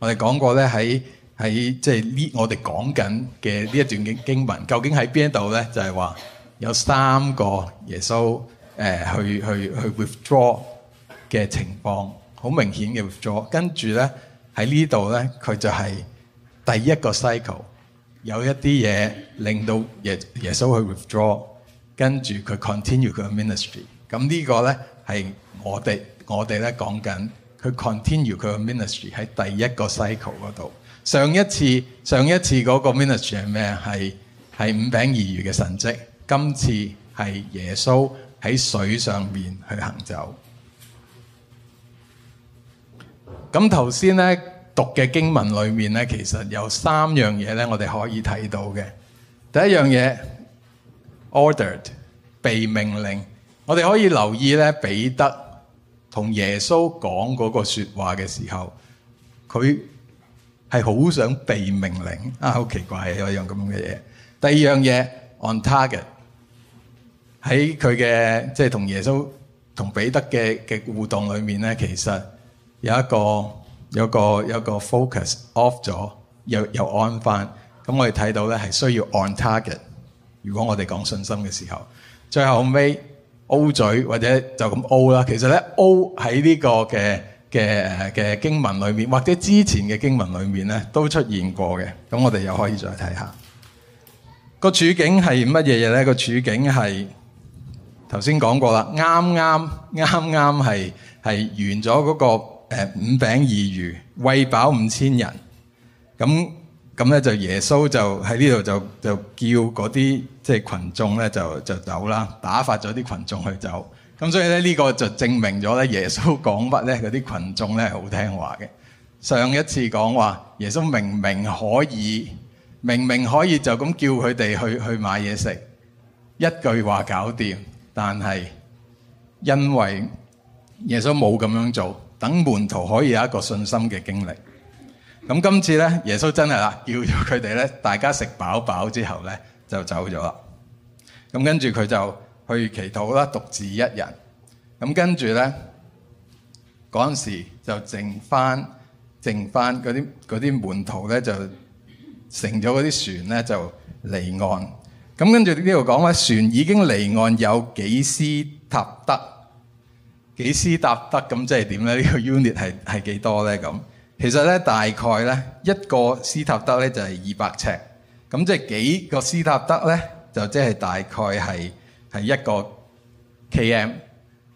我哋講過咧，喺喺即係呢，我哋講緊嘅呢一段經經文，究竟喺邊一度咧？就係話有三個耶穌誒去去去 withdraw 嘅情況，好明顯嘅 withdraw。跟住咧喺呢度咧，佢就係第一個 cycle 有一啲嘢令到耶耶穌去 withdraw，跟住佢 continue 佢嘅 ministry。咁呢個咧係我哋我哋咧講緊。佢 continue 佢嘅 ministry 喺第一個 cycle 度。上一次上一次嗰個 ministry 係咩？係係五餅二魚嘅神跡，今次係耶穌喺水上面去行走。咁頭先咧讀嘅經文裏面咧，其實有三樣嘢咧，我哋可以睇到嘅。第一樣嘢 ordered 被命令，我哋可以留意咧彼得，同耶穌講嗰個說話嘅時候，佢係好想被命令啊！好奇怪有一樣咁嘅嘢。第二樣嘢 on target 喺佢嘅即係同耶穌同彼得嘅嘅互動裏面咧，其實有一個有一個有個 focus off 咗又又 on 返。咁我哋睇到咧係需要 on target。如果我哋講信心嘅時候，最後尾。O 嘴或者就咁 O 啦，其實咧 O 喺呢個嘅嘅嘅經文裏面，或者之前嘅經文裏面咧都出現過嘅，咁我哋又可以再睇下個處境係乜嘢嘢咧？個處境係頭先講過啦，啱啱啱啱係係完咗嗰個誒五餅二魚餵飽五千人，咁。咁咧就耶穌就喺呢度就就叫嗰啲即係羣眾咧就就走啦，打發咗啲羣眾去走。咁所以咧呢個就證明咗咧耶穌講乜咧嗰啲羣眾咧係好聽話嘅。上一次講話，耶穌明明可以、明明可以就咁叫佢哋去去買嘢食，一句話搞掂。但係因為耶穌冇咁樣做，等門徒可以有一個信心嘅經歷。咁今次咧，耶穌真係啦，叫咗佢哋咧，大家食飽飽之後咧，就走咗啦。咁跟住佢就去祈禱啦，獨自一人。咁跟住咧，嗰陣時就剩翻剩翻嗰啲啲門徒咧，就乘咗嗰啲船咧，就離岸。咁跟住呢度講咧，船已經離岸有幾斯塔德？幾斯塔德？咁即係點咧？呢個 unit 係係幾多咧？咁？其實咧，大概咧一個斯塔德咧就係二百尺，咁即係幾個斯塔德咧，就即係大概係係一個 km。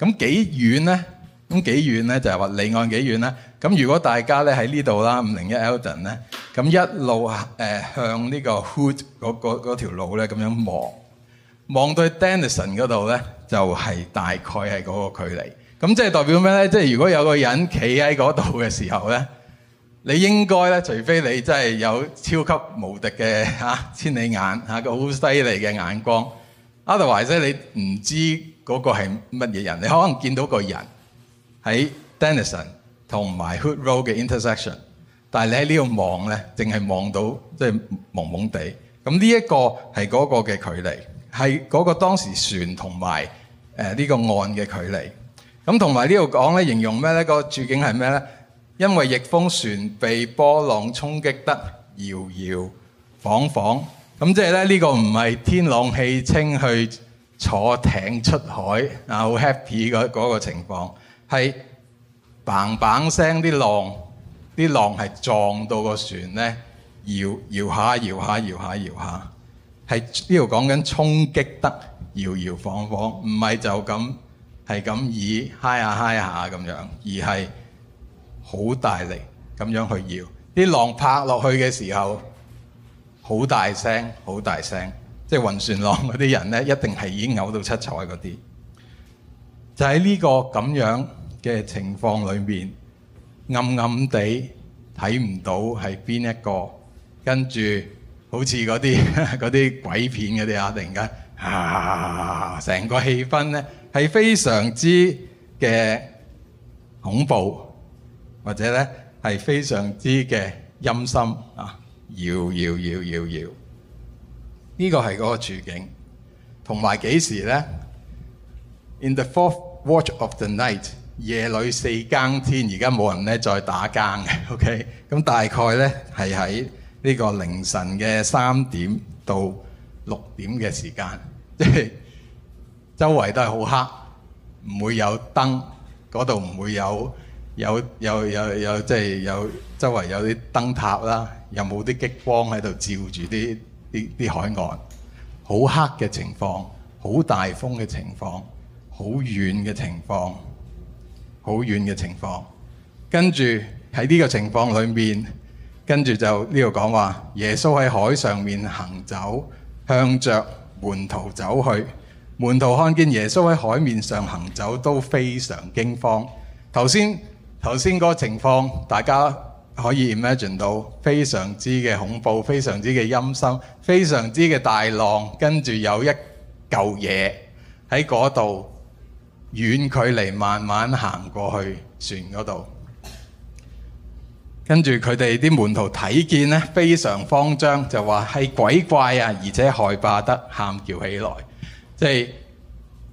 咁幾遠咧？咁幾遠咧？就係話離岸幾遠呢？咁如果大家咧喺呢度啦，五零一 Elton 咧，咁一路、呃、向呢個 Hood 嗰嗰條路咧，咁樣望望到 Dennison 嗰度咧，就係、係、大概係嗰個距離。咁即係代表咩咧？即係如果有個人企喺嗰度嘅時候咧。你應該咧，除非你真係有超級無敵嘅、啊、千里眼嚇、啊、個好犀利嘅眼光。otherwise，你唔知嗰個係乜嘢人？你可能見到個人喺 Dennison 同埋 Hood Road 嘅 intersection，但係你喺呢度望咧，淨係望到即係蒙蒙地。咁呢一個係嗰個嘅距離，係嗰個當時船同埋呢個岸嘅距離。咁同埋呢度講咧，形容咩咧？那個處境係咩咧？因為逆風船被波浪衝擊得搖搖晃晃，咁即係咧，呢個唔係天朗氣清去坐艇出海啊，好 happy 嗰個情況，係砰砰聲啲浪，啲浪係撞到個船咧，搖搖下搖下搖下搖下，係呢度講緊衝擊得搖搖晃晃，唔係就咁係咁以 high 下 high 下咁樣，而係。好大力咁樣去搖，啲浪拍落去嘅時候，好大聲，好大聲，即係暈船浪嗰啲人咧，一定係已經嘔到七彩嗰啲。就喺呢個咁樣嘅情況裏面，暗暗地睇唔到係邊一個，跟住好似嗰啲嗰啲鬼片嗰啲啊，突然間啊，成個氣氛咧係非常之嘅恐怖。或者咧係非常之嘅陰森啊，搖搖搖搖搖，呢個係嗰個處境。同埋幾時咧？In the fourth watch of the night，夜裏四更天，而家冇人咧再打更嘅。OK，咁大概咧係喺呢個凌晨嘅三點到六點嘅時間，即係周圍都係好黑，唔會有燈，嗰度唔會有。有有有有即係有周圍有啲燈塔啦，又冇啲激光喺度照住啲啲啲海岸，好黑嘅情況，好大風嘅情況，好遠嘅情況，好遠嘅情況。跟住喺呢個情況裏面，跟住就呢度講話，耶穌喺海上面行走，向着門徒走去。門徒看見耶穌喺海面上行走都非常驚慌。頭先。頭先嗰個情況，大家可以 imagine 到，非常之嘅恐怖，非常之嘅陰森，非常之嘅大浪，跟住有一嚿嘢喺嗰度遠距離慢慢行過去船嗰度，跟住佢哋啲門徒睇見咧，非常慌張，就話係鬼怪啊，而且害怕得喊叫起來，即係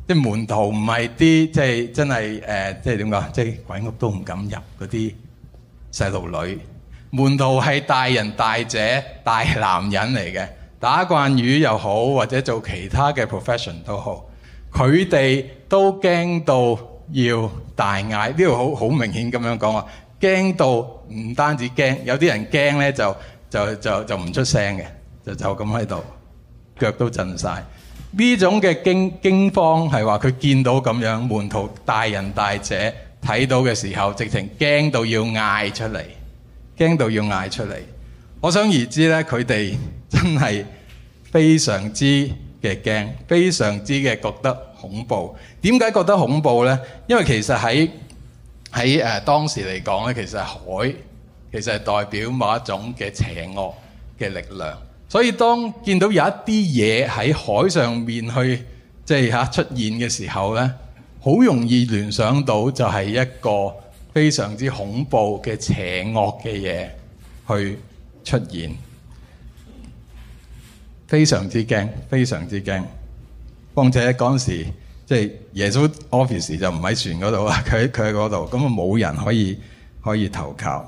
即門徒唔係啲即係真係誒，即係點講？即係鬼屋都唔敢入嗰啲細路女。門徒係大人大姐大男人嚟嘅，打慣魚又好，或者做其他嘅 profession 都好，佢哋都驚到要大嗌。呢度好好明顯咁樣講話，驚到唔單止驚，有啲人驚咧就就就就唔出聲嘅，就就咁喺度，腳都震晒。呢種嘅驚驚慌係話，佢見到咁樣，門徒大人大者睇到嘅時候，直情驚到要嗌出嚟，驚到要嗌出嚟。可想而知咧，佢哋真係非常之嘅驚，非常之嘅覺得恐怖。點解覺得恐怖咧？因為其實喺喺誒當時嚟講咧，其實海其實係代表某一種嘅邪惡嘅力量。所以當見到有一啲嘢喺海上面去，即係嚇出現嘅時候咧，好容易聯想到就係一個非常之恐怖嘅邪惡嘅嘢去出現，非常之驚，非常之驚。況且嗰陣時，即係耶穌 office 就唔喺船嗰度啊，佢喺佢喺嗰度，咁啊冇人可以可以投靠。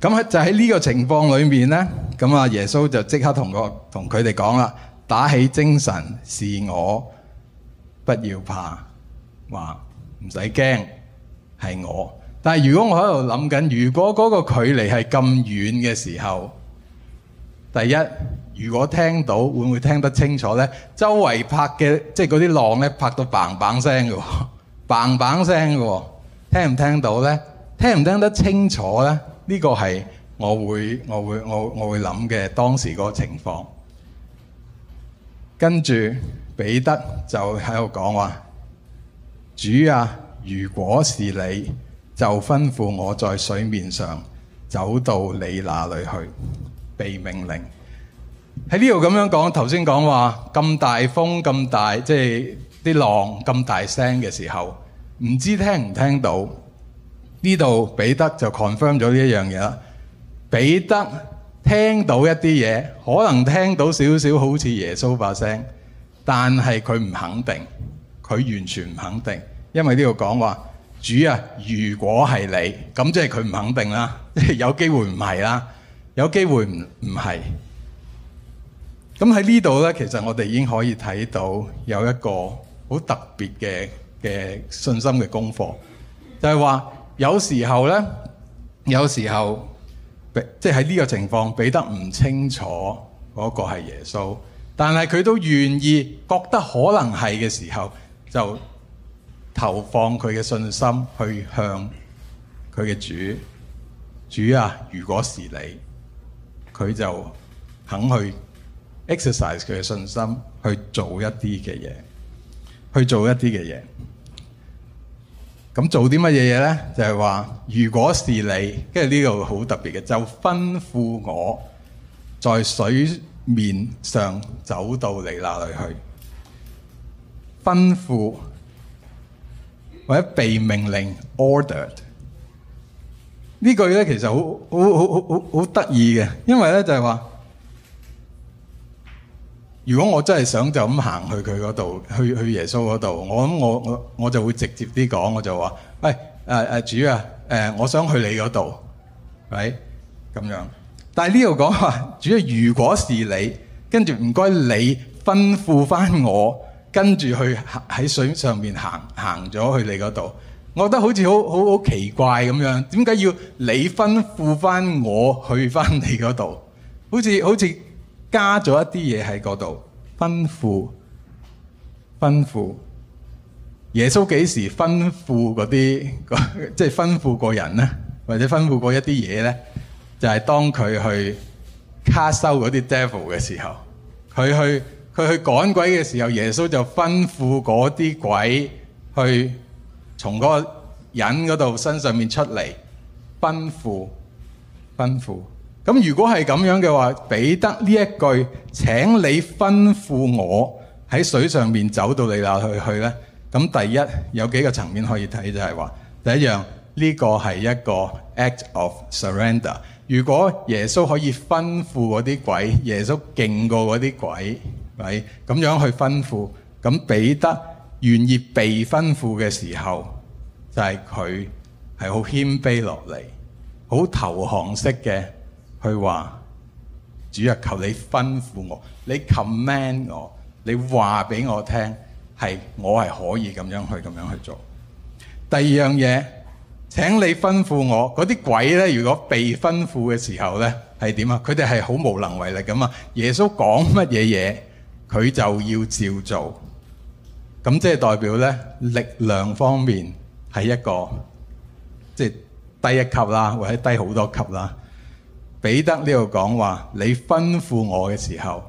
咁就喺呢個情況裏面呢，咁啊耶穌就即刻同個同佢哋講啦：打起精神，是我，不要怕，話唔使驚，係我。但係如果我喺度諗緊，如果嗰個距離係咁遠嘅時候，第一，如果聽到會唔會聽得清楚呢？周圍拍嘅即係嗰啲浪呢，拍到棒棒聲喎，棒棒聲喎，聽唔聽到呢？聽唔聽得清楚呢？呢個係我會我會我我會諗嘅當時嗰個情況。跟住彼得就喺度講話：主啊，如果是你，就吩咐我在水面上走到你那裏去，被命令。喺呢度咁樣講，頭先講話咁大風咁大，即係啲浪咁大聲嘅時候，唔知聽唔聽到。呢度彼得就 confirm 咗呢一樣嘢啦。彼得聽到一啲嘢，可能聽到少少好似耶穌把聲，但係佢唔肯定，佢完全唔肯定，因為呢度講話主啊，如果係你，咁即係佢唔肯定啦，即係有機會唔係啦，有機會唔唔係。咁喺呢度咧，其實我哋已經可以睇到有一個好特別嘅嘅信心嘅功課，就係話。有時候咧，有時候俾即係喺呢個情況俾得唔清楚嗰個係耶穌，但係佢都願意覺得可能係嘅時候，就投放佢嘅信心去向佢嘅主。主啊，如果是你，佢就肯去 exercise 佢嘅信心，去做一啲嘅嘢，去做一啲嘅嘢。咁做啲乜嘢嘢咧？就係話，如果是你，跟住呢度好特別嘅，就吩咐我，在水面上走到你那裏去。吩咐或者被命令 ordered 呢句咧，其實好好好好好得意嘅，因為咧就係話。如果我真係想就咁行去佢嗰度，去去耶穌嗰度，我諗我我我就會直接啲講，我就話：喂、哎，誒、啊、誒、啊、主啊，誒、啊、我想去你嗰度，喂，咁樣。但係呢度講話，主、啊、如果是你，跟住唔該你吩咐翻我，跟住去喺水上面行行咗去你嗰度，我覺得好似好好好奇怪咁樣，點解要你吩咐翻我去翻你嗰度？好似好似。加咗一啲嘢喺嗰度，吩咐吩咐耶穌幾時吩咐嗰啲，即係吩咐個人咧，或者吩咐過一啲嘢咧，就係當佢去卡收嗰啲 devil 嘅時候，佢去佢去趕鬼嘅時候，耶穌就吩咐嗰啲鬼去從嗰個人嗰度身上面出嚟，吩咐吩咐。咁如果係咁樣嘅話，彼得呢一句請你吩咐我喺水上面走到你那去去呢，咁第一有幾個層面可以睇，就係話第一樣呢個係一個 act of surrender。如果耶穌可以吩咐嗰啲鬼，耶穌勁過嗰啲鬼，係咁樣去吩咐，咁彼得願意被吩咐嘅時候，就係佢係好謙卑落嚟，好投降式嘅。佢話，主日，求你吩咐我，你 command 我，你話俾我聽，係我係可以咁樣去咁樣去做。第二樣嘢，請你吩咐我。嗰啲鬼咧，如果被吩咐嘅時候咧，係點啊？佢哋係好無能為力㗎嘛。耶穌講乜嘢嘢，佢就要照做。咁即係代表咧，力量方面係一個即係、就是、低一級啦，或者低好多級啦。彼得呢度講話，你吩咐我嘅時候，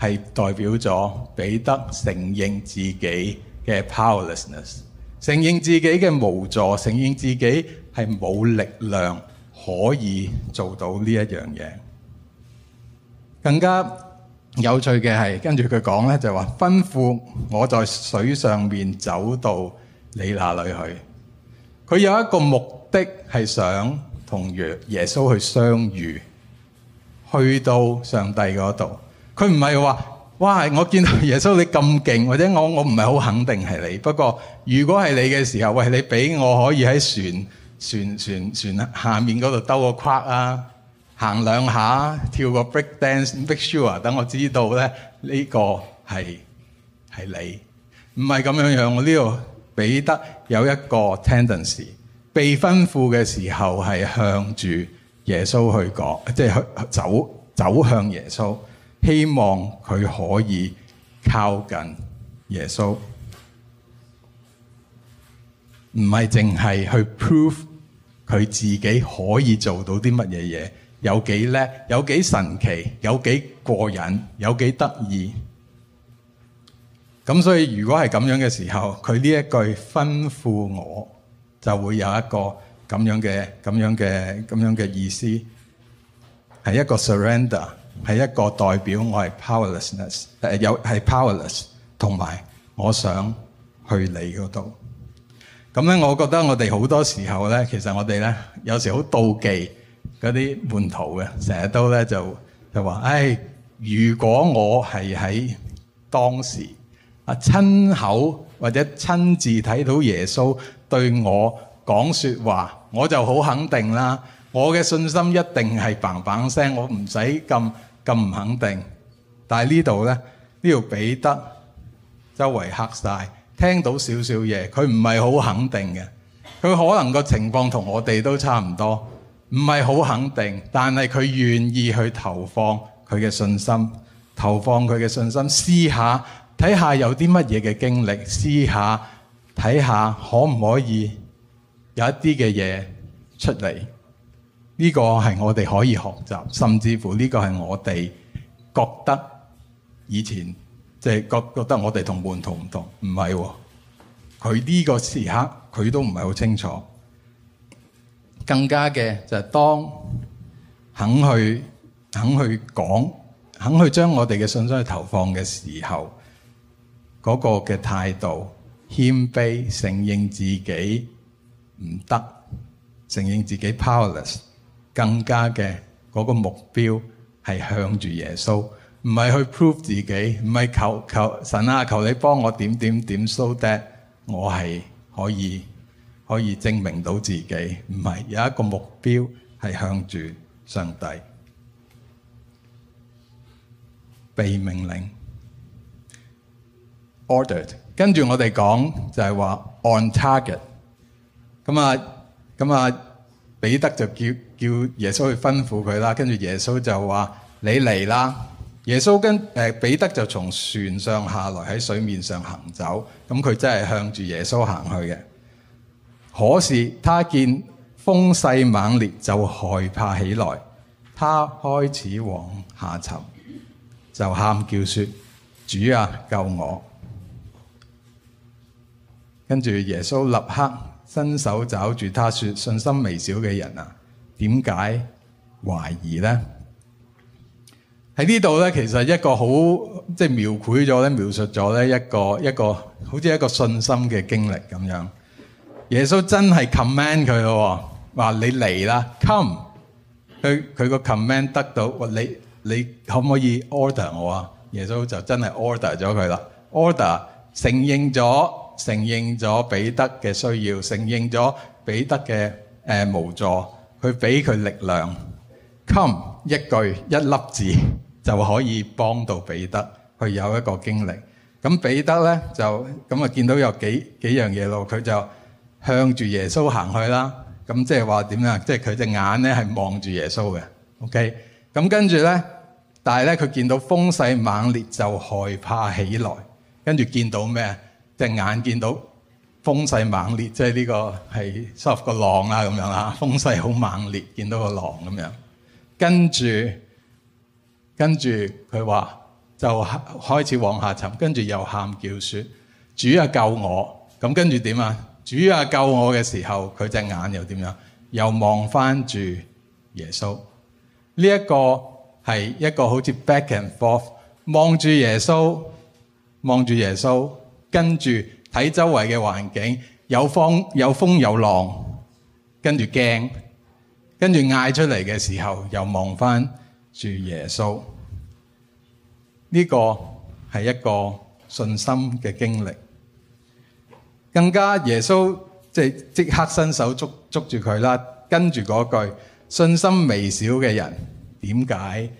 係代表咗彼得承認自己嘅 powerlessness，承認自己嘅無助，承認自己係冇力量可以做到呢一樣嘢。更加有趣嘅係，跟住佢講咧就話吩咐我在水上面走到你那裏去。佢有一個目的係想。同約耶穌去相遇，去到上帝嗰度，佢唔係話，哇！我見到耶穌你咁勁，或者我我唔係好肯定係你。不過如果係你嘅時候，喂，你俾我可以喺船船船船下面嗰度兜個框啊，行兩下，跳個 Big Dance Big Show 啊，等我知道咧呢、呢個係係你，唔係咁樣樣。我呢度彼得有一個 tendency。被吩咐嘅時候係向住耶穌去講，即係去走走向耶穌，希望佢可以靠近耶穌。唔係淨係去 proof 佢自己可以做到啲乜嘢嘢，有幾叻，有幾神奇，有幾過癮，有幾得意。咁所以如果係咁樣嘅時候，佢呢一句吩咐我。就會有一個咁樣嘅咁樣嘅咁樣嘅意思，係一個 surrender，係一個代表我係 powerlessness，有、呃、係 powerless，同埋我想去你嗰度。咁、嗯、咧，我覺得我哋好多時候咧，其實我哋咧有時好妒忌嗰啲門徒嘅，成日都咧就就話，唉、哎，如果我係喺當時啊親口或者親自睇到耶穌對我講說話，我就好肯定啦。我嘅信心一定係砰砰聲，我唔使咁咁唔肯定。但係呢度呢，呢度彼得周圍黑晒。聽到少少嘢，佢唔係好肯定嘅。佢可能個情況同我哋都差唔多，唔係好肯定。但係佢願意去投放佢嘅信心，投放佢嘅信心，試下睇下有啲乜嘢嘅經歷，試下。睇下可唔可以有一啲嘅嘢出嚟？呢個係我哋可以學習，甚至乎呢個係我哋覺得以前即係覺覺得我哋同門徒唔同，唔係喎。佢呢個時刻佢都唔係好清楚，更加嘅就係當肯去肯去講肯去將我哋嘅信心去投放嘅時候，嗰個嘅態度。謙卑承認自己唔得，承認自己 powerless，更加嘅嗰個目標係向住耶穌，唔係去 prove 自己，唔係求求神啊，求你幫我點點點，so that 我係可以可以證明到自己，唔係有一個目標係向住上帝，被命令 ordered。跟住我哋講就係話 on target，咁啊咁啊彼得就叫叫耶穌去吩咐佢啦，跟住耶穌就話你嚟啦。耶穌跟誒彼得就從船上下來喺水面上行走，咁、嗯、佢真係向住耶穌行去嘅。可是他見風勢猛烈，就害怕起來，他開始往下沉，就喊叫說：主啊，救我！跟住耶穌立刻伸手找住他，說，信心微小嘅人啊，點解懷疑呢？喺呢度呢，其實一個好即係描繪咗咧，描述咗咧一個一個好似一個信心嘅經歷咁樣。耶穌真係 command 佢咯，話你嚟啦，come。佢佢個 command 得到，你你可唔可以 order 我啊？耶穌就真係 order 咗佢啦，order 承認咗。承認咗彼得嘅需要，承認咗彼得嘅誒無助，佢俾佢力量。Come，一句一粒字就可以幫到彼得去有一個經歷。咁彼得咧就咁啊，見到有幾幾樣嘢咯，佢就向住耶穌行去啦。咁即係話點啊？即係佢隻眼咧係望住耶穌嘅。OK，咁跟住咧，但係咧佢見到風勢猛烈就害怕起來，跟住見到咩？隻眼見到風勢猛烈，即係呢個係濕個浪啊。咁樣啊，風勢好猛烈。見到個浪咁樣，跟住跟住佢話就開始往下沉，跟住又喊叫，説主啊救我。咁跟住點啊？主啊救我嘅時候，佢隻眼又點樣？又望翻住耶穌。呢一個係一個好似 back and forth，望住耶穌，望住耶穌。跟住睇周圍嘅環境，有風有風有浪，跟住驚，跟住嗌出嚟嘅時候又望翻住耶穌。呢個係一個信心嘅經歷。更加耶穌即係即刻伸手捉捉住佢啦，跟住嗰句信心微小嘅人點解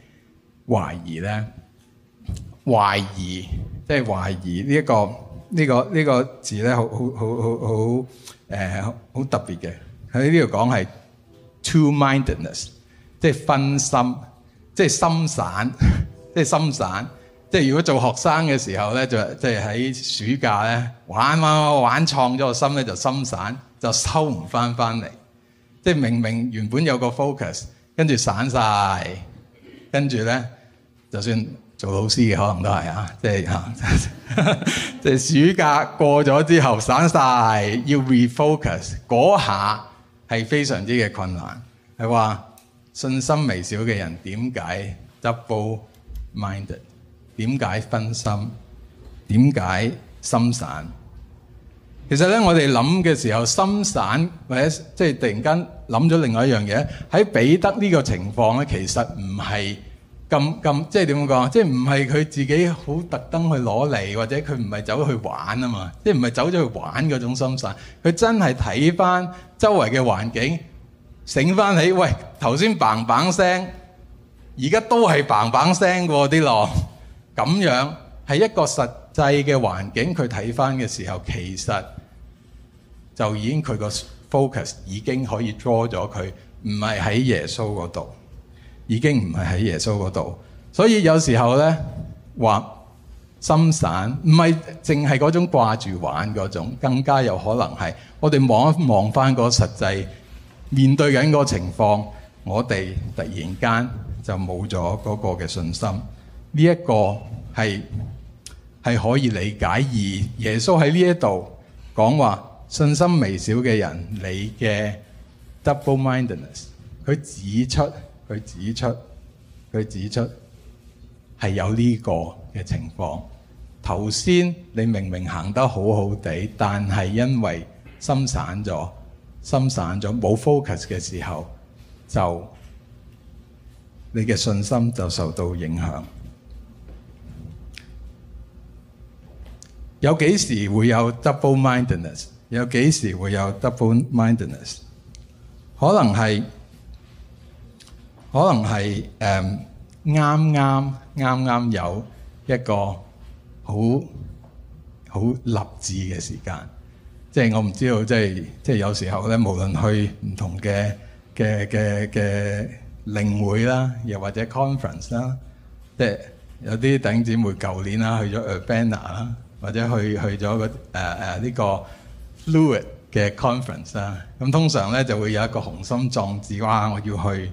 懷疑咧？懷疑即係懷疑呢一個。.呢、呢個呢、呢個字咧，好好好好、呃、好誒，好特別嘅。喺呢度講係 two-mindedness，即係分心，即係心散，即係心散。即係如果做學生嘅時候咧，就即係喺暑假咧玩玩玩，創咗個心咧就心散，就收唔翻翻嚟。即係明明原本有個 focus，跟住散晒，跟住咧就算。做老師嘅可能都係啊，即係啊，即 係暑假過咗之後散晒，要 refocus，嗰下係非常之嘅困難。係話信心微小嘅人點解 double minded？點解分心？點解心散？其實咧，我哋諗嘅時候心散，或者即係、就是、突然間諗咗另外一樣嘢。喺彼得呢個情況咧，其實唔係。咁咁即係點講？即係唔係佢自己好特登去攞嚟，或者佢唔係走去玩啊嘛？即係唔係走咗去玩嗰種心態？佢真係睇翻周圍嘅環境，醒翻起，「喂，頭先嘭嘭聲，而家都係嘭嘭聲喎，啲浪。」咁樣係一個實際嘅環境。佢睇翻嘅時候，其實就已經佢個 focus 已經可以 draw 咗佢，唔係喺耶穌嗰度。已經唔係喺耶穌嗰度，所以有時候呢，話心散，唔係淨係嗰種掛住玩嗰種，更加有可能係我哋望一望翻個實際面對緊個情況，我哋突然間就冇咗嗰個嘅信心。呢一個係係可以理解，而耶穌喺呢一度講話信心微小嘅人，你嘅 double mindedness，佢指出。佢指出，佢指出係有呢個嘅情況。頭先你明明行得好好地，但係因為心散咗、心散咗、冇 focus 嘅時候，就你嘅信心就受到影響。有幾時會有 double-mindedness？有幾時會有 double-mindedness？可能係。可能係誒啱啱啱啱有一個好好立志嘅時間，即係我唔知道，即係即係有時候咧，無論去唔同嘅嘅嘅嘅領會啦，又或者 conference 啦，即係有啲頂姊妹舊年啦去咗 Urbana 啦，或者去去咗、嗰個誒誒呢個 fluid 嘅 conference 啦，咁通常咧就會有一個雄心壯志，哇！我要去。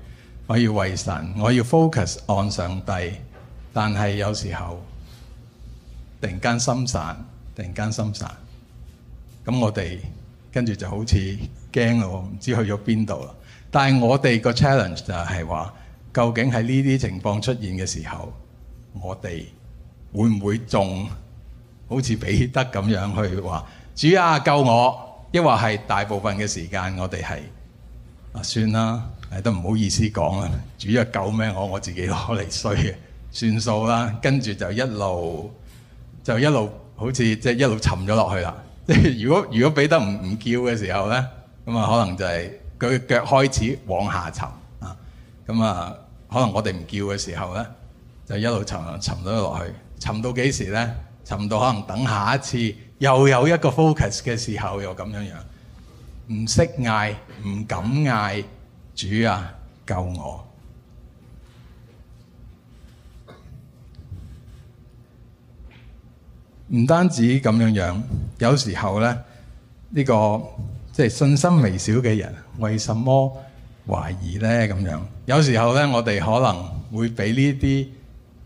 我要為神，我要 focus 按上帝，但係有時候突然間心散，突然間心散，咁我哋跟住就好似驚咯，唔知去咗邊度啦。但係我哋個 challenge 就係話，究竟喺呢啲情況出現嘅時候，我哋會唔會仲好似彼得咁樣去話主啊救我，抑或係大部分嘅時間我哋係啊算啦。都唔好意思講啦，主要救咩我，我自己攞嚟衰嘅，算數啦。跟住就一路就一路好似即係一路沉咗落去啦。即係如果如果彼得唔唔叫嘅時候咧，咁啊可能就係佢腳開始往下沉啊。咁啊可能我哋唔叫嘅時候咧，就一路沉沉咗落去，沉到幾時咧？沉到可能等下一次又有一個 focus 嘅時候又咁樣樣，唔識嗌，唔敢嗌。主啊，救我！唔單止咁樣樣，有時候咧，呢個即係信心微小嘅人，為什麼懷疑咧？咁樣有時候咧，我哋可能會俾呢啲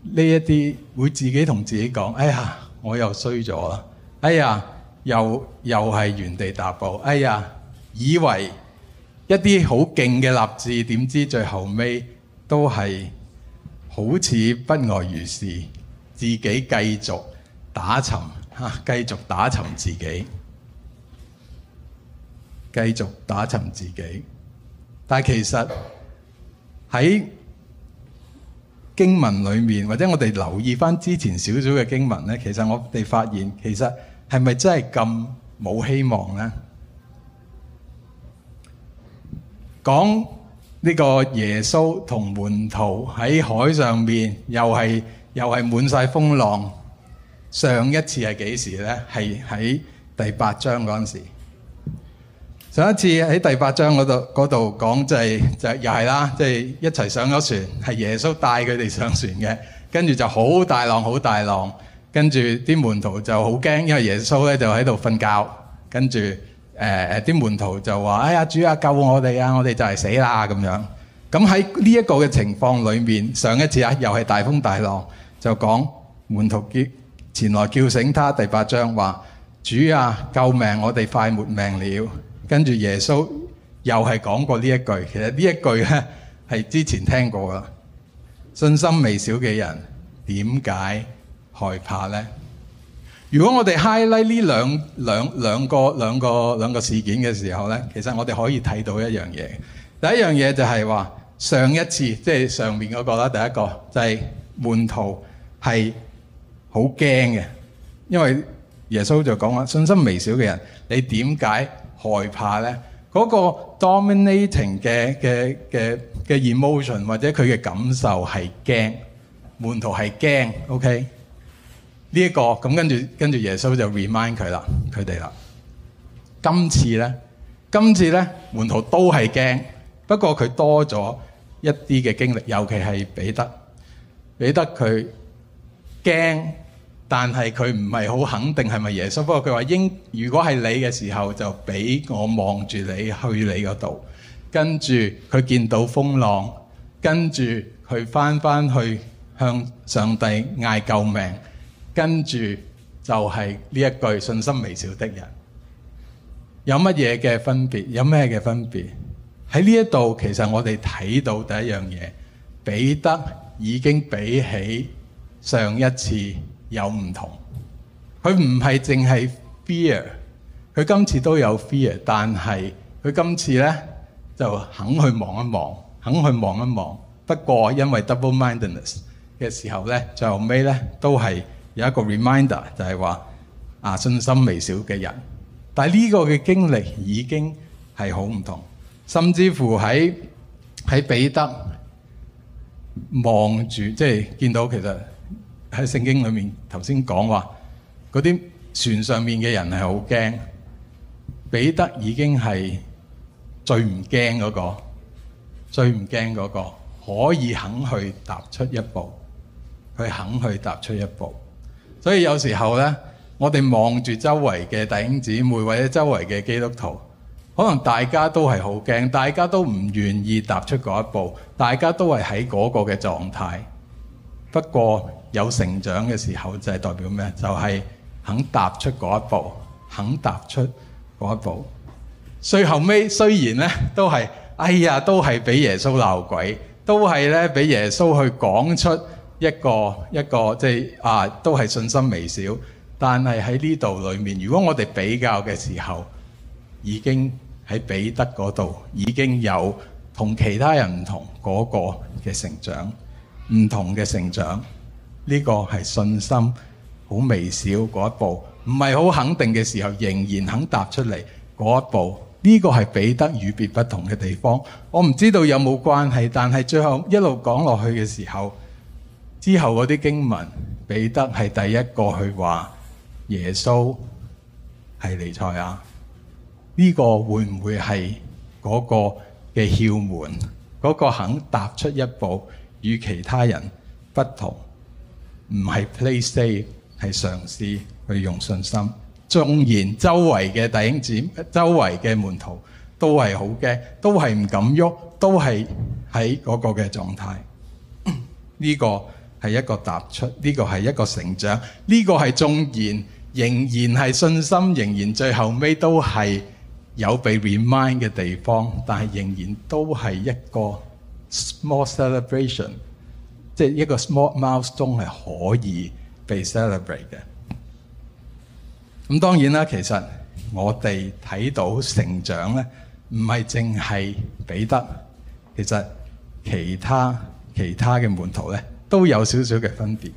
呢一啲會自己同自己講：哎呀，我又衰咗啦！哎呀，又又係原地踏步！哎呀，以為。一啲好勁嘅立志，點知最後尾都係好似不外如是，自己繼續打沉嚇、啊，繼續打沉自己，繼續打沉自己。但其實喺經文裏面，或者我哋留意返之前少少嘅經文咧，其實我哋發現，其實係咪真係咁冇希望咧？講呢個耶穌同門徒喺海上面，又係又係滿晒風浪。上一次係幾時咧？係喺第八章嗰陣時。上一次喺第八章嗰度嗰度講就係就係又係啦，即係一齊上咗船，係耶穌帶佢哋上船嘅，跟住就好大浪好大浪，跟住啲門徒就好驚，因為耶穌咧就喺度瞓覺，跟住。誒啲門徒就話，哎呀，主啊，救我哋啊！我哋就係死啦咁樣。咁喺呢一個嘅情況裏面，上一次啊，又係大風大浪，就講門徒叫前來叫醒他。第八章話，主啊，救命！我哋快沒命了。跟住耶穌又係講過呢一句，其實呢一句咧係之前聽過啦。信心微小嘅人點解害怕咧？如果我哋 highlight 呢兩兩兩個兩個兩個個事件嘅時候咧，其實我哋可以睇到一樣嘢。第一樣嘢就係話，上一次即係上面嗰個啦，第一個就係門徒係好驚嘅，因為耶穌就講話信心微小嘅人，你點解害怕咧？嗰個 dominating 嘅嘅嘅嘅 emotion 或者佢嘅感受係驚，門徒係驚，OK。呢一個咁，跟住跟住，耶穌就 remind 佢啦，佢哋啦。今次咧，今次咧，門徒都係驚，不過佢多咗一啲嘅經歷，尤其係彼得。彼得佢驚，但係佢唔係好肯定係咪耶穌。不過佢話應如果係你嘅時候，就俾我望住你去你嗰度。跟住佢見到風浪，跟住佢返返去向上帝嗌救命。跟住就係呢一句，信心微小的人有乜嘢嘅分別？有咩嘅分別？喺呢一度，其實我哋睇到第一樣嘢，彼得已經比起上一次有唔同。佢唔係淨係 fear，佢今次都有 fear，但係佢今次咧就肯去望一望，肯去望一望。不過因為 double-mindedness 嘅時候咧，最後尾咧都係。有一個 reminder 就係話啊，信心微小嘅人，但係呢個嘅經歷已經係好唔同，甚至乎喺喺彼得望住，即係見到其實喺聖經裏面頭先講話嗰啲船上面嘅人係好驚，彼得已經係最唔驚嗰個，最唔驚嗰個可以肯去踏出一步，佢肯去踏出一步。所以有時候呢，我哋望住周圍嘅弟兄姊妹或者周圍嘅基督徒，可能大家都係好驚，大家都唔願意踏出嗰一步，大家都係喺嗰個嘅狀態。不過有成長嘅時候就係代表咩？就係肯踏出嗰一步，肯踏出嗰一步。最後尾雖然呢都係，哎呀都係俾耶穌鬧鬼，都係呢俾耶穌去講出。一個一個即係啊，都係信心微小。但係喺呢度裏面，如果我哋比較嘅時候，已經喺彼得嗰度已經有同其他人唔同嗰個嘅成長，唔同嘅成長。呢個係信心好微小嗰一步，唔係好肯定嘅時候，仍然肯踏出嚟嗰一步。呢個係彼得與別不同嘅地方。我唔知道有冇關係，但係最後一路講落去嘅時候。之後嗰啲經文，彼得係第一個去話耶穌係尼賽亞。呢、這個會唔會係嗰個嘅竅門？嗰、那個肯踏出一步，與其他人不同，唔係 play stay，係嘗試去用信心。縱然周圍嘅弟兄姊妹、周圍嘅門徒都係好驚，都係唔敢喐，都係喺嗰個嘅狀態。呢、 這個。係一個踏出呢、這個係一個成長，呢、這個係縱然仍然係信心，仍然最後尾都係有被 remind 嘅地方，但係仍然都係一個 small celebration，即係一個 small milestone，係可以被 celebrate 嘅。咁當然啦，其實我哋睇到成長咧，唔係淨係彼得，其實其他其他嘅門徒咧。都有少少嘅分別。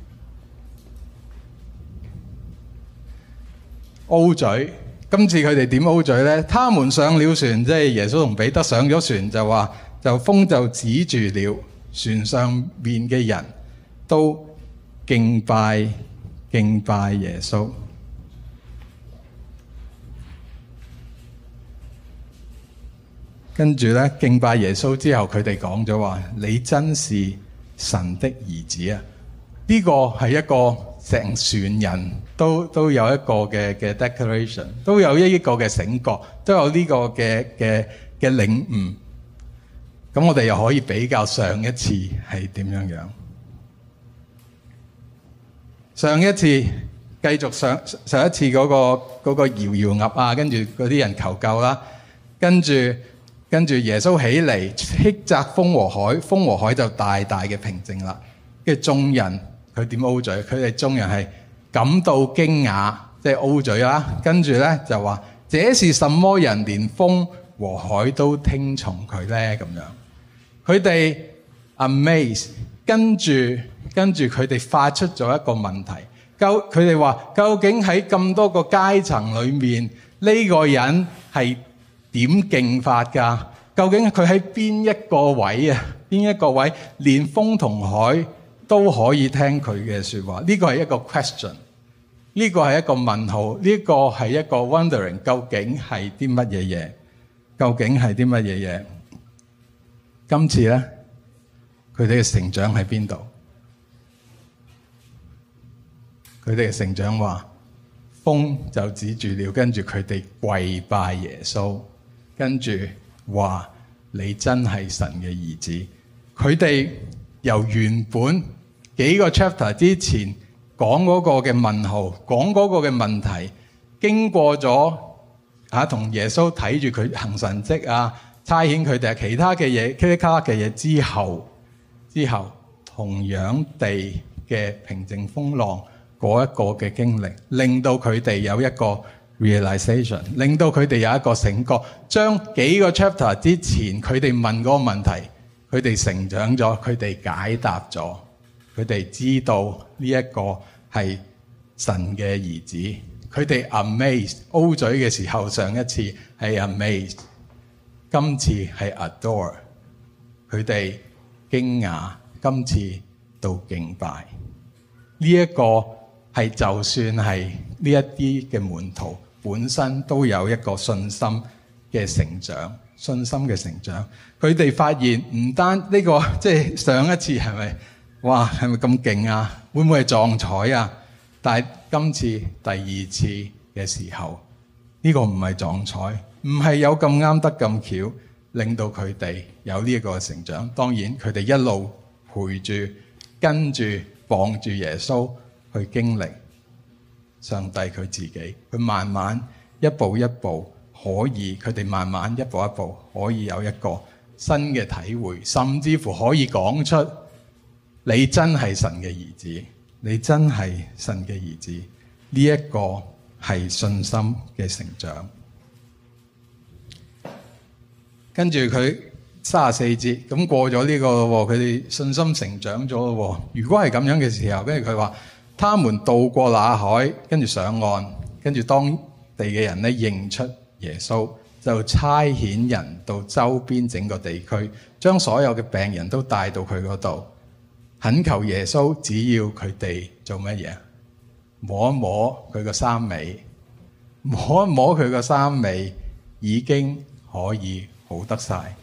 O 嘴，今次佢哋點 O 嘴咧？他們上了船，即係耶穌同彼得上咗船就說，就話就風就止住了，船上面嘅人都敬拜敬拜耶穌。跟住咧，敬拜耶穌之後，佢哋講咗話：你真是，神的兒子啊！呢個係一個成船人都都有一個嘅嘅 declaration，都有一個嘅醒覺，都有呢個嘅嘅嘅領悟。咁我哋又可以比較上一次係點樣樣？上一次繼續上上一次嗰、那個嗰、那個搖搖鴨啊，跟住嗰啲人求救啦，跟住。跟住耶穌起嚟斥責風和海，風和海就大大嘅平靜啦。跟住眾人佢點 O 嘴？佢哋眾人係感到驚訝，即係 O 嘴啦。跟住咧就話：這是什麼人，連風和海都聽從佢咧？咁樣佢哋 amaze。跟住跟住佢哋發出咗一個問題：佢哋話究竟喺咁多個階層裏面，呢個人係？點勁法㗎？究竟佢喺邊一個位啊？邊一個位連風同海都可以聽佢嘅説話？呢個係一個 question，呢個係一個問號，呢個係一個 wondering，究竟係啲乜嘢嘢？究竟係啲乜嘢嘢？今次呢，佢哋嘅成長喺邊度？佢哋嘅成長話，風就止住了，跟住佢哋跪拜耶穌。跟住話：你真係神嘅兒子。佢哋由原本幾個 chapter 之前講嗰個嘅問號，講嗰個嘅問題，經過咗吓，同耶穌睇住佢行神跡啊，差遣佢哋啊，其他嘅嘢，卡卡嘅嘢之後，之後同樣地嘅平靜風浪嗰一個嘅經歷，令到佢哋有一個。Realization 令到佢哋有一個醒覺，將幾個 chapter 之前佢哋問嗰個問題，佢哋成長咗，佢哋解答咗，佢哋知道呢一個係神嘅兒子。佢哋 amaze，O 嘴嘅時候，上一次係 amaze，今次係 adore，佢哋驚訝，今次到敬拜。呢一個係就算係呢一啲嘅門徒，本身都有一個信心嘅成長，信心嘅成長。佢哋發現唔單呢個，即係上一次係咪，哇，係咪咁勁啊？會唔會係撞彩啊？但係今次第二次嘅時候，呢個唔係撞彩，唔係有咁啱得咁巧，令到佢哋有呢一個成長。當然佢哋一路陪住、跟住、傍住耶穌去經歷。上帝佢自己，佢慢慢一步一步可以，佢哋慢慢一步一步可以有一個新嘅體會，甚至乎可以講出你真係神嘅兒子，你真係神嘅兒子，呢一個係信心嘅成長。跟住佢三十四節，咁過咗呢個，佢哋信心成長咗。如果係咁樣嘅時候，跟住佢話。他們渡過那海，跟住上岸，跟住當地嘅人咧認出耶穌，就差遣人到周邊整個地區，將所有嘅病人都帶到佢嗰度，懇求耶穌，只要佢哋做乜嘢摸一摸佢個衫尾，摸一摸佢個衫尾已經可以好得晒。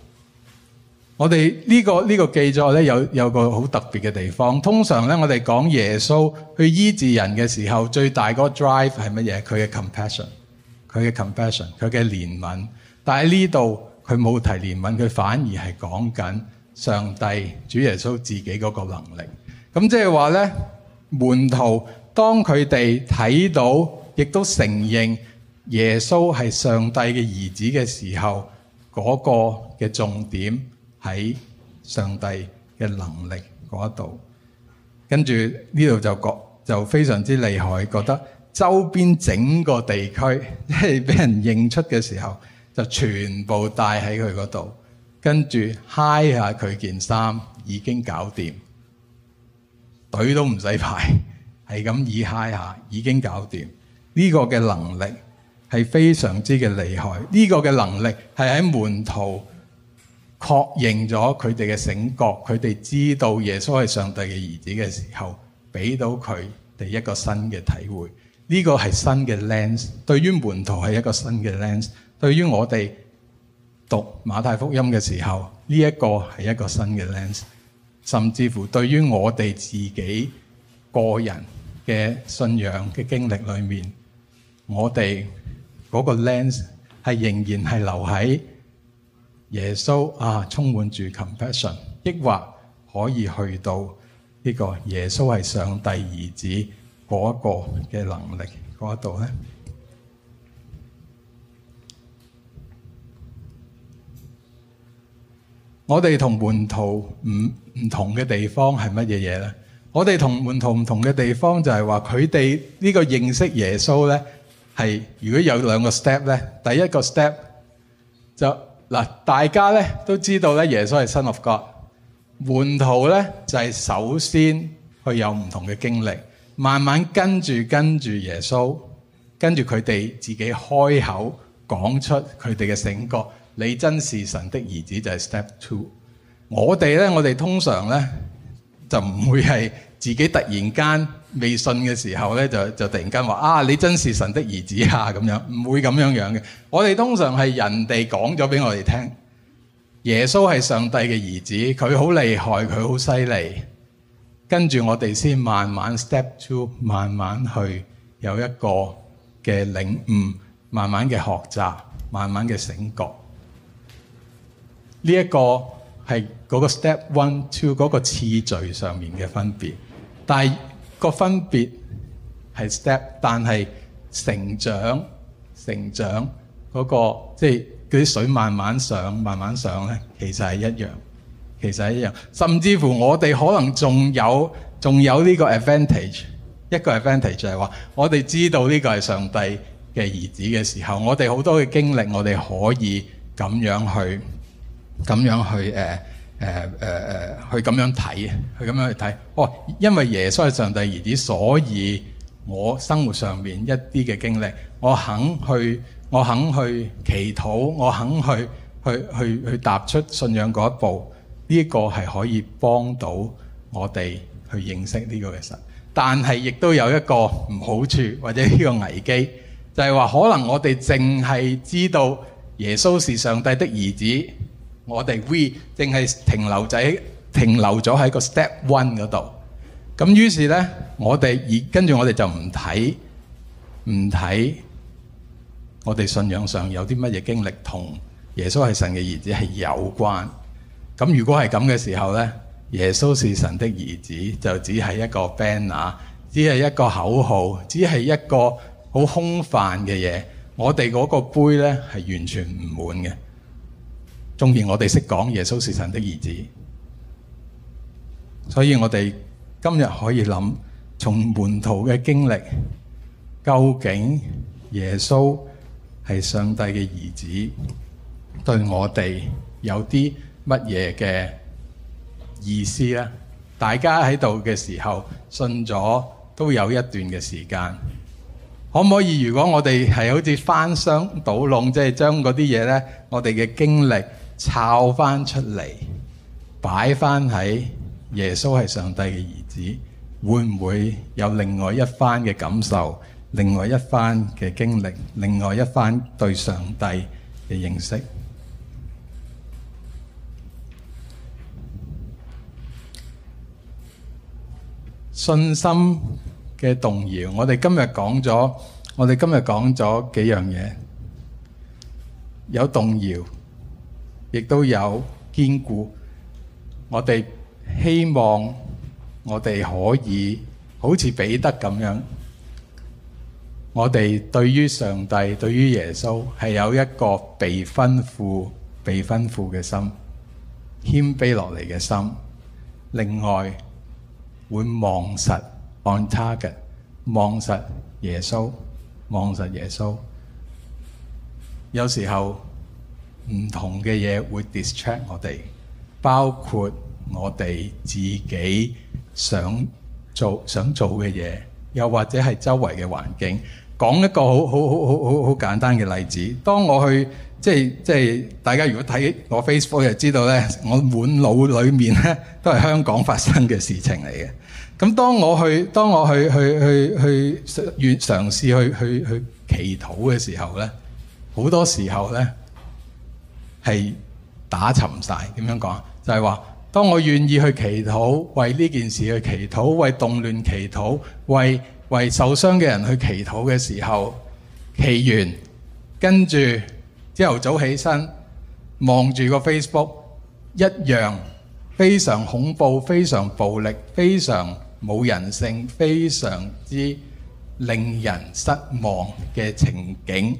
我哋呢個呢個記載咧有有個好特別嘅地方。通常咧我哋講耶穌去醫治人嘅時候，最大嗰個 drive 係乜嘢？佢嘅 compassion，佢嘅 compassion，佢嘅憐憫。但喺呢度佢冇提憐憫，佢反而係講緊上帝主耶穌自己嗰個能力。咁即係話咧，門徒當佢哋睇到，亦都承認耶穌係上帝嘅兒子嘅時候，嗰個嘅重點。喺上帝嘅能力嗰度，跟住呢度就覺就非常之厲害，覺得周邊整個地區，即係俾人認出嘅時候，就全部帶喺佢嗰度，跟住嗨下佢件衫已經搞掂，隊都唔使排，係咁易嗨下已經搞掂，呢個嘅能力係非常之嘅厲害，呢個嘅能力係喺門徒。確認咗佢哋嘅醒覺，佢哋知道耶穌係上帝嘅兒子嘅時候，俾到佢哋一個新嘅體會。呢個係新嘅 lens，對於門徒係一個新嘅 lens，對於我哋讀馬太福音嘅時候，呢一個係一個新嘅 lens。甚至乎對於我哋自己個人嘅信仰嘅經歷裏面，我哋嗰個 lens 係仍然係留喺。耶穌啊，充滿住 compassion，抑或可以去到呢個耶穌係上帝兒子嗰一個嘅能力嗰度呢？我哋同門徒唔唔同嘅地方係乜嘢嘢呢？我哋同門徒唔同嘅地方就係話佢哋呢個認識耶穌呢，係如果有兩個 step 呢，第一個 step 就。嗱，大家咧都知道咧，耶穌係 Son of God，門徒咧就係首先去有唔同嘅經歷，慢慢跟住跟住耶穌，跟住佢哋自己開口講出佢哋嘅醒覺，你真是神的兒子就係 step two。我哋咧，我哋通常咧就唔會係自己突然間。未信嘅時候咧，就就突然間話啊，你真是神的兒子啊，咁樣唔會咁樣樣嘅。我哋通常係人哋講咗俾我哋聽，耶穌係上帝嘅兒子，佢好厲害，佢好犀利。跟住我哋先慢慢 step two，慢慢去有一個嘅領悟，慢慢嘅學習，慢慢嘅醒覺。呢一個係嗰個 step one to 嗰個次序上面嘅分別，但係個分別係 step，但係成長、成長嗰個，即係嗰啲水慢慢上、慢慢上咧，其實係一樣，其實係一樣。甚至乎我哋可能仲有仲有呢個 advantage，一個 advantage 就係話，我哋知道呢個係上帝嘅兒子嘅時候，我哋好多嘅經歷，我哋可以咁樣去，咁樣去誒。誒誒誒去咁樣睇，去咁樣去睇。哦，因為耶穌係上帝兒子，所以我生活上面一啲嘅經歷，我肯去，我肯去祈禱，我肯去去去去踏出信仰嗰一步。呢個係可以幫到我哋去認識呢個嘅神。但係亦都有一個唔好處，或者呢個危機，就係話可能我哋淨係知道耶穌是上帝的兒子。我哋 we 淨係停留仔停留咗喺個 step one 嗰度，咁於是咧，我哋而跟住我哋就唔睇唔睇我哋信仰上有啲乜嘢經歷同耶穌係神嘅兒子係有關，咁如果係咁嘅時候咧，耶穌是神的兒子，的的的兒子就只係一個 banner，只係一個口號，只係一個好空泛嘅嘢。我哋嗰個杯咧係完全唔滿嘅。鍾意我哋識講耶穌是神的兒子，所以我哋今日可以諗從門徒嘅經歷，究竟耶穌係上帝嘅兒子，對我哋有啲乜嘢嘅意思咧？大家喺度嘅時候信咗都有一段嘅時間，可唔可以？如果我哋係好似翻箱倒籠，即係將嗰啲嘢咧，我哋嘅經歷。抄翻出嚟，擺翻喺耶穌係上帝嘅兒子，會唔會有另外一番嘅感受、另外一番嘅經歷、另外一番對上帝嘅認識？信心嘅動搖，我哋今日講咗，我哋今日講咗幾樣嘢，有動搖。亦都有堅固，我哋希望我哋可以好似彼得咁樣，我哋對於上帝、對於耶穌係有一個被吩咐、被吩咐嘅心，謙卑落嚟嘅心。另外會望實 on target 嘅，望實耶穌，望實耶穌。有時候。唔同嘅嘢會 distract 我哋，包括我哋自己想做想做嘅嘢，又或者係周圍嘅環境。講一個好好好好好好簡單嘅例子，當我去即係即係大家如果睇我 Facebook 就知道咧，我滿腦裏面咧都係香港發生嘅事情嚟嘅。咁當我去當我去去去去去嘗試去去去祈禱嘅時候咧，好多時候咧。係打沉晒，點樣講？就係話，當我願意去祈禱，為呢件事去祈禱，為動亂祈禱，為為受傷嘅人去祈禱嘅時候，祈完，跟住朝頭早起身望住個 Facebook，一樣非常恐怖、非常暴力、非常冇人性、非常之令人失望嘅情景。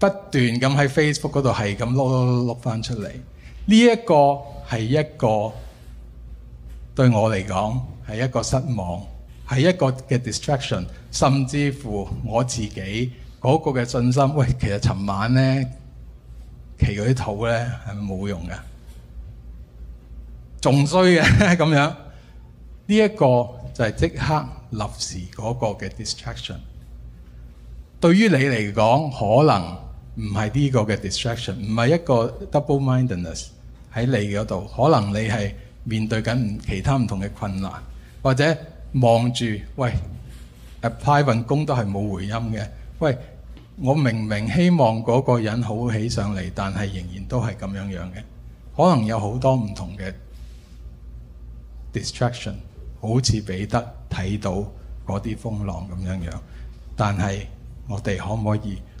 不斷咁喺 Facebook 嗰度係咁碌碌碌翻出嚟，呢一個係一個對我嚟講係一個失望，係一個嘅 distraction，甚至乎我自己嗰個嘅信心，喂，其實尋晚咧嗰啲土咧係冇用嘅，仲衰嘅咁樣，呢一個就係即刻立時嗰個嘅 distraction。對於你嚟講，可能。唔係呢個嘅 distraction，唔係一個 double-mindedness 喺你度。可能你係面對緊其他唔同嘅困難，或者望住喂，apply 份工都係冇回音嘅。喂，我明明希望個人好，好起上嚟，但係仍然都係咁樣樣嘅。可能有好多唔同嘅 distraction，好似彼得睇到啲風浪咁樣樣，但係我哋可唔可以？